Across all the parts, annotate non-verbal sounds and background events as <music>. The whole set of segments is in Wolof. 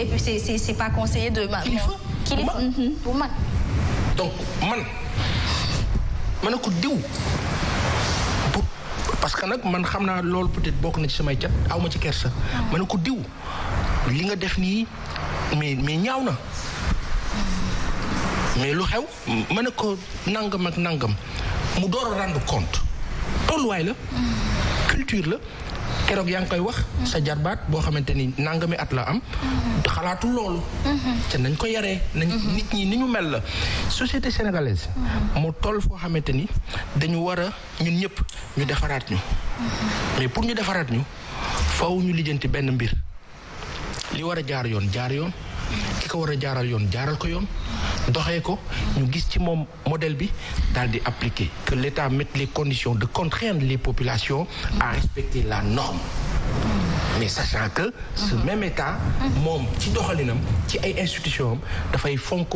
et si c'est c'est c'est pas conseillé de. kilifa kilifa bu mag donc man ma ne ko diw. parce que nag man xam naa loolu peut-être bokk na ci samay cat aw ma ci kersa. Ah. ma ne ko diw li nga def nii mais mais ñaaw na. mais lu xew ma ne ko nangam ak nangam mu door a rendre compte tolluwaay la mm. culture la. keroog yaa ngi koy wax. Mm-hmm. sa jarbaat boo xamante ni nangami at la am. Mm-hmm. xalaatu loolu. Mm-hmm. te nañ ko yaree. nañ nit ñi ni ñu mel la société sénégalaise. moo toll foo xamante ni dañu war a ñun ñëpp ñu defaraat ñu. mais pour ñu defaraat ñu faaw ñu lijjanti benn mbir li war a jaar yoon jaar yoon. ki ko war a jaaral yoon jaaral ko yoon. doxee ko ñu gis ci moom modèle bi daal di appliquer que l'État mette les conditions de contraindre les populations à respecter la norme mais sachant que ce mm-hmm. même état mm-hmm. moom ci doxalinam ci ay institution dafay fonk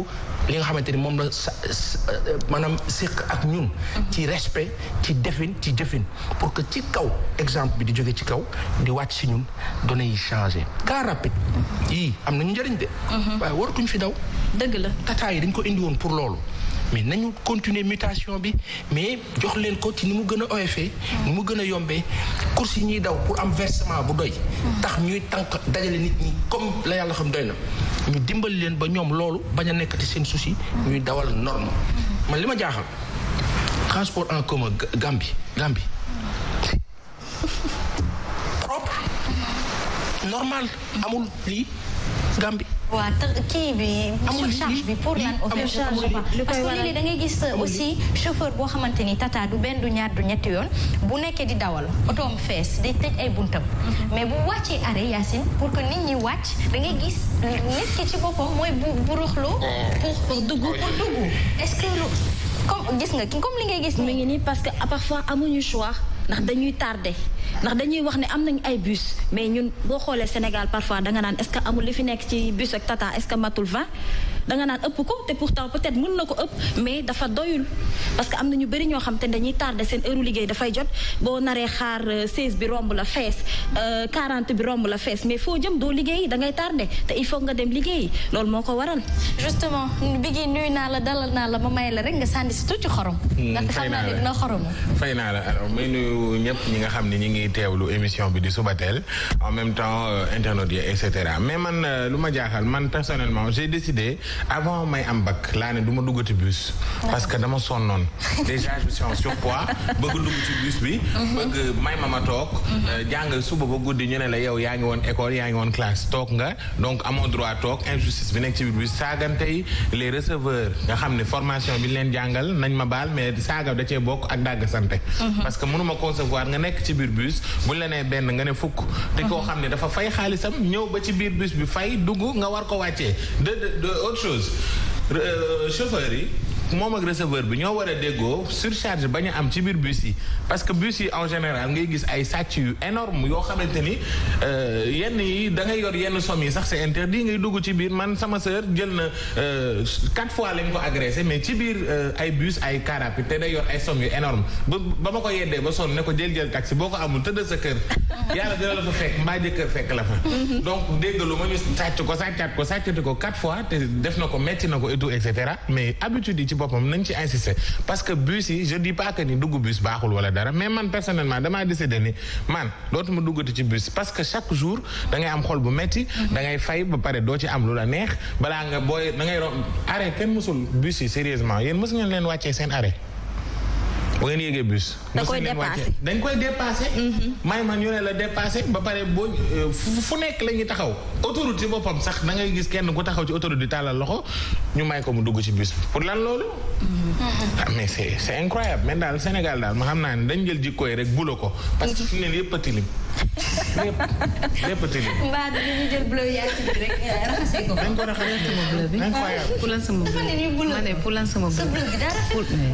li nga xamante ni moom la euh, maanaam séq ak ñun mm-hmm. ci respect ci defin ci jëfin pour que ci kaw exemple bi di jóge ci kaw di wàcc si ñun données yi changé car rapide yii am nañu njëriñ de waaye waratuñ fi daw dëgg la tata yi dañ ko indiwoon pour loolu mais nañu continuer mutation bi mais jox leen ko ci ni mu gën a oyofee ni mu gën a yombee course yi ñuy daw pour am versement bu doy tax ñuy tànk dajale nit ñi comme la yàlla xam doy na ñu dimbali leen ba ñoom loolu bañ a nekkati seen souci ñuy dawal norme man li ma jaaxal transport en commun Gambie Gambie propre normal amul lii Gambie. waaw kii bi. amul charge bi pour lan overcharge parce que léeg-léeg da ngay gis aussi chauffeur boo xamante ni tata du benn du ñaar ñetti yoon bu nekkee di dawal otoom fees day tëj ay eh, buntam. mais mhm. bu wàccee arrêt Yacine pour que nit ñi wàcc da ngay gis nit ki ci boppam mooy bu roxloo pour pour pour dugg est-ce que lu comme oh. oh, gis nga comme li ngay gis. mu ngi nii parce que à parfois amuñu choix ndax dañuy tardé. ndax dañuy wax ne am nañ ay bus mais ñun boo xoolee Sénégal parfois danga naan est-ce que amul li fi nekk ci bus ak tata est-ce que danga naan ëpp ko te pourtant peut-être mën na ko ëpp mais bëri ñoo xam te ne dañuy tardé seen liggéey dafay jot boo naree xaar 16 euh, bi romb la fees 40 euh, bi romb la fees mais foo jëm doo liggéey dangay tardé te il faut nga dem liggéey loolu moo ko waral. justement Bigui nuyu naa la dalal naa la ma may la rek nga si tuuti xorom. Hmm, fay naa la ndax may nuyu ñëpp ñi nga xam ne ñu ñiy teewlu émission bi di Subatel en même temps euh, internautes yi et cetera mais man euh, lu ma jaaxal man personnellement j'ai décidé avant may am bac laa ne du ma duggati bus. parce que dama sonnoon <laughs> déjà je suis en surpoids bëgg dugg ci bus bi. Mhm. bëgg may ma ma toog. Mhm. Euh, jàngal suba ba guddi ñu la yow yaa ngi woon école yaa ngi woon classe toog nga donc amoo droit toog injustice bi nekk ci biir bus saagante yi les receveurs nga xam ne formation bi leen jàngal nañ ma baal mais saaga da cee bokk ak dàgg bus buñ la nee benn nga ne fukk te koo xam ne dafa fay xaalisam ñëw ba ci biir bis bi fay dugg nga war ko wàccee de de autre chose euh, chauffeur yi moom ak receveur bi ñoo war a déggoo surcharge bañ a am ci biir bus yi parce que bus yi en général ngay gis ay sàcc yu énorme yoo xamante ni euh, yenn yi da ngay yor yenn somme yi sax c'est interdit ngay dugg ci biir man sama sœur jël na euh, quatre fois lañ ko agressé mais ci biir euh, ay bus ay car te day yor ay somme yu énorme ba ba ma ko yeddee ba sonn ne ko jël jël taxi boo ko amul tëdd sa kër <laughs> yàlla dina la fa fekk mbaa jëkkër fekk la fa mm-hmm. donc déggalu ma ko sàccaat ko sàccati ko quatre fois def na ko metti na ko et boppam nañ ci insister parce que bus yi je dis pas que ni dugg bus baaxul wala dara mais man personnellement damaa décidé ni man dootuma duggati ci bus parce que chaque jour da am xol bu metti da ngay fay ba pare doo ci am lu la neex balaa nga booy da ngay ro arrêt kenn mësul bus yi sérieusement yéen mës ngeen leen wàccee seen arrêt bu ngeen yéegee bus. da koy dépassé dañ koy dépassé. Mhm. may ma ñu ne la dépassé ba pare boo euh, fu nekk la ñuy taxaw autoroute ci boppam sax da ngay gis kenn ku taxaw ci autoroute di tàllal loxo ñu may ko mu dugg ci bus pour lan loolu. Mhm. Ah, mais c'est c'est incroyable mais daal Sénégal daal ma xam naa ne dañ jël jikkooy rek bulo ko. parce que mhm. fi mu yëpp a tilim lépp lépp tilim. mbaa bi ñu jël bleu yaa ci rek raxasee ko. dañ ko raxasee sama bleu bi. incroyable pour lan sama bleu ma ne pour lan sama bleu.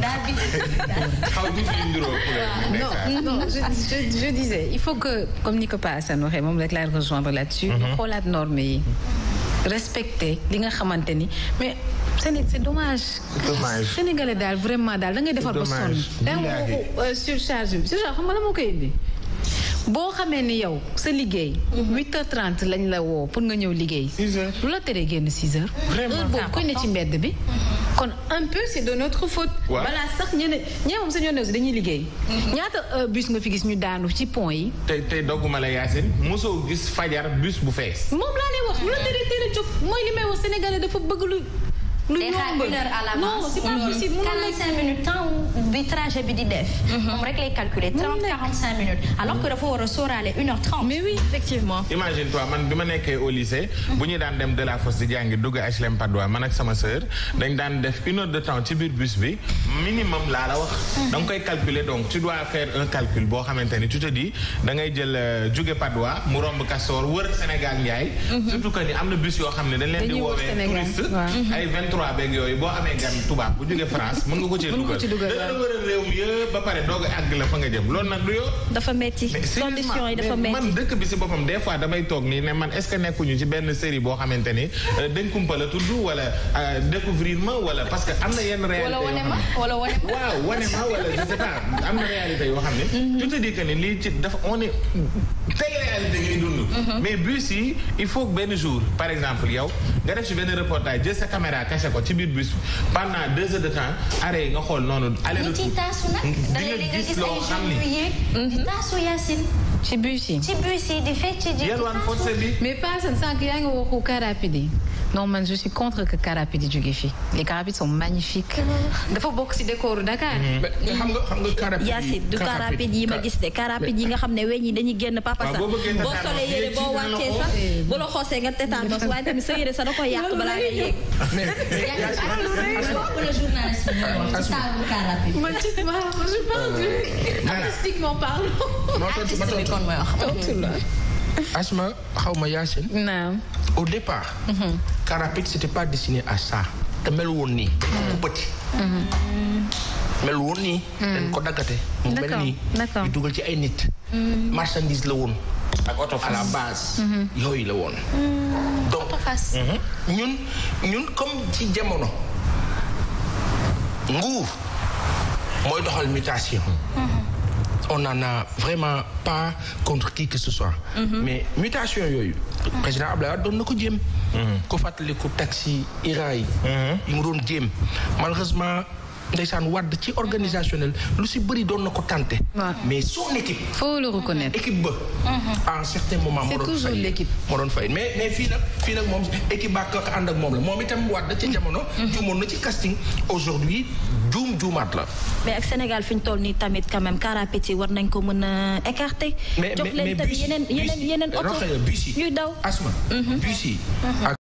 daal bi xaw ma non non je, je, je disais il faut que comme ni ko Pa Assane waxee moom rek laa rejoindre là-dessus. ñu xoolaat normes yi. respecter li nga xamante ni mais. c'est dommage. Sénégalais daal vraiment daal da ngay defar ba sonn. Euh, surcharge bi surcharge xam nga la moo koy indi. boo xamee ni yow sa liggéey. 8 trent 30 lañ la woo pour nga ñëw liggéey. 6h lu la teree génn 6h. vraiment heure boobu koy ne ci mbedd bi. Mhm. kon un peu c' est de notre faute. voilà sax ñu ne ñoom sa ñoo si dañuy liggéey. Mhm. ñaata euh, bus nga fi gis ñu daanu ci pont yi. te tey dogguma la Yacine mosoo gis fajar bus bu fees. moom laa lay wax lu la teree teel a mooy li may wax sénégalais dafa bëgg lu. lu yomb une heure à la non c'est pas possible bi di def mhm. moom rek lay calculer trente quarante cinq minutes alors que dafa war a sóoraale une heure trente mais oui imagine toi man bi ma nekkee au lycée bu ñuy daan dem de la fosse di jàngi dugg HLM Padois man ak sama sœur dañ daan def une heure de temps ci biir bus bi minimum laa la wax mhm. da koy calculer donc ci dois faire un calcule boo xamante ni tu te dis da ngay jël euh, jóge Padois mu romb Castor wër Sénégal Ndiaye mhm. surtout que ni am na bus yoo xam ne dañ 3 beeg yooyu boo amee gan tubaab bu jógee France mën nga ko cee dugal. dana war a réew mi yëpp ba pare doog a àgg la fa nga jëm loolu nag du yoon. dafa metti condition yi dafa metti man dëkk bi si boppam des fois damay toog nii ne man est euh, la tudd wala euh, na yenn yoo xam ne wala wane ma waaw wane ma wala je sais pas am na réalité yoo xam ne. tu mhm. te ni lii ci dafa on tey réalité ngay dund. Mhm. mais bus yi il faut benn jour par exemple yow nga def ci benn reportage jël sa caméra caché taase ko ci biir bus pendant deux heures de temps arrêt yi nga xool noonu. aller retour di nga gis loo xam ni. ci bus yi. ci bus yi di fecc ci ji. mais pas sànq yaa ngi waxu car yi non man je contre que car yi jóge fii les car magnifiques. Mm-hmm. dafa bokk ci décor Dakar. Mm-hmm. xam nga xam nga car rapide yi du car yi ma gis de car yi nga xam ne weñ yi dañuy génn papa ah, sax. boo solee yére boo wàccee sax bu la xoosee nga tetaan bos waaye tamit sa yére sax da koy yàq balaa ngay yegg. mais Yacine man ah, ci ma je parle euh, artistiquement parlant. ma tontu ma tontu kon mooy Asma xaw ma naam. au départ. Carapide mhm. c'était pas destiné à te mel woon nii. bu mhm. petit. Mhm. mel woon nii. dañ ko daggate. mu mel nii dugal ci ay nit. marchandise la woon. ak oto à yooyu la woon. donc ñun comme ci jamono nguur mooy doxal mutation. on n'en a vraiment pas contre qui que ce soit. Mm -hmm. mais mutation yooyu. président Abdoulaye Wade doon na ko jéem. Mhm. ko fàttaliku taxi Iran yi. Mhm. yi mu doon jéem malheureusement. ndeysaan wàdd ci organisationnel lu si bëri doon na ko tenter. mais son équipe. faut ko reconnaître équipe ba. à mm-hmm. un certain moment moo doon fay moo fii nag fii nag moom équipe moom la moom itam wàdd ci jamono. Mm-hmm. juumoon na ci casting aujourd'hui juum juumaat la. mais ak Sénégal fi ñu toll nii tamit quand même carapéti war nañ ko mën a écarter. jox leen tamit yeneen yeneen yeneen oto ñuy daw asma. Mm-hmm. bus